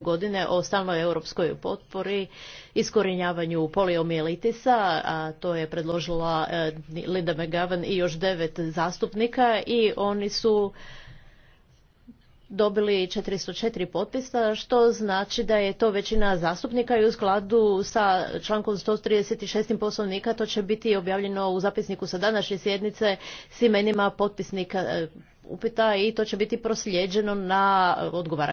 godine o stalnoj europskoj potpori iskorinjavanju poliomijelitisa, a to je predložila e, Linda McGovern i još devet zastupnika i oni su dobili 404 potpisa, što znači da je to većina zastupnika i u skladu sa člankom 136. poslovnika to će biti objavljeno u zapisniku sa današnje sjednice s imenima potpisnika e, upita i to će biti proslijeđeno na odgovara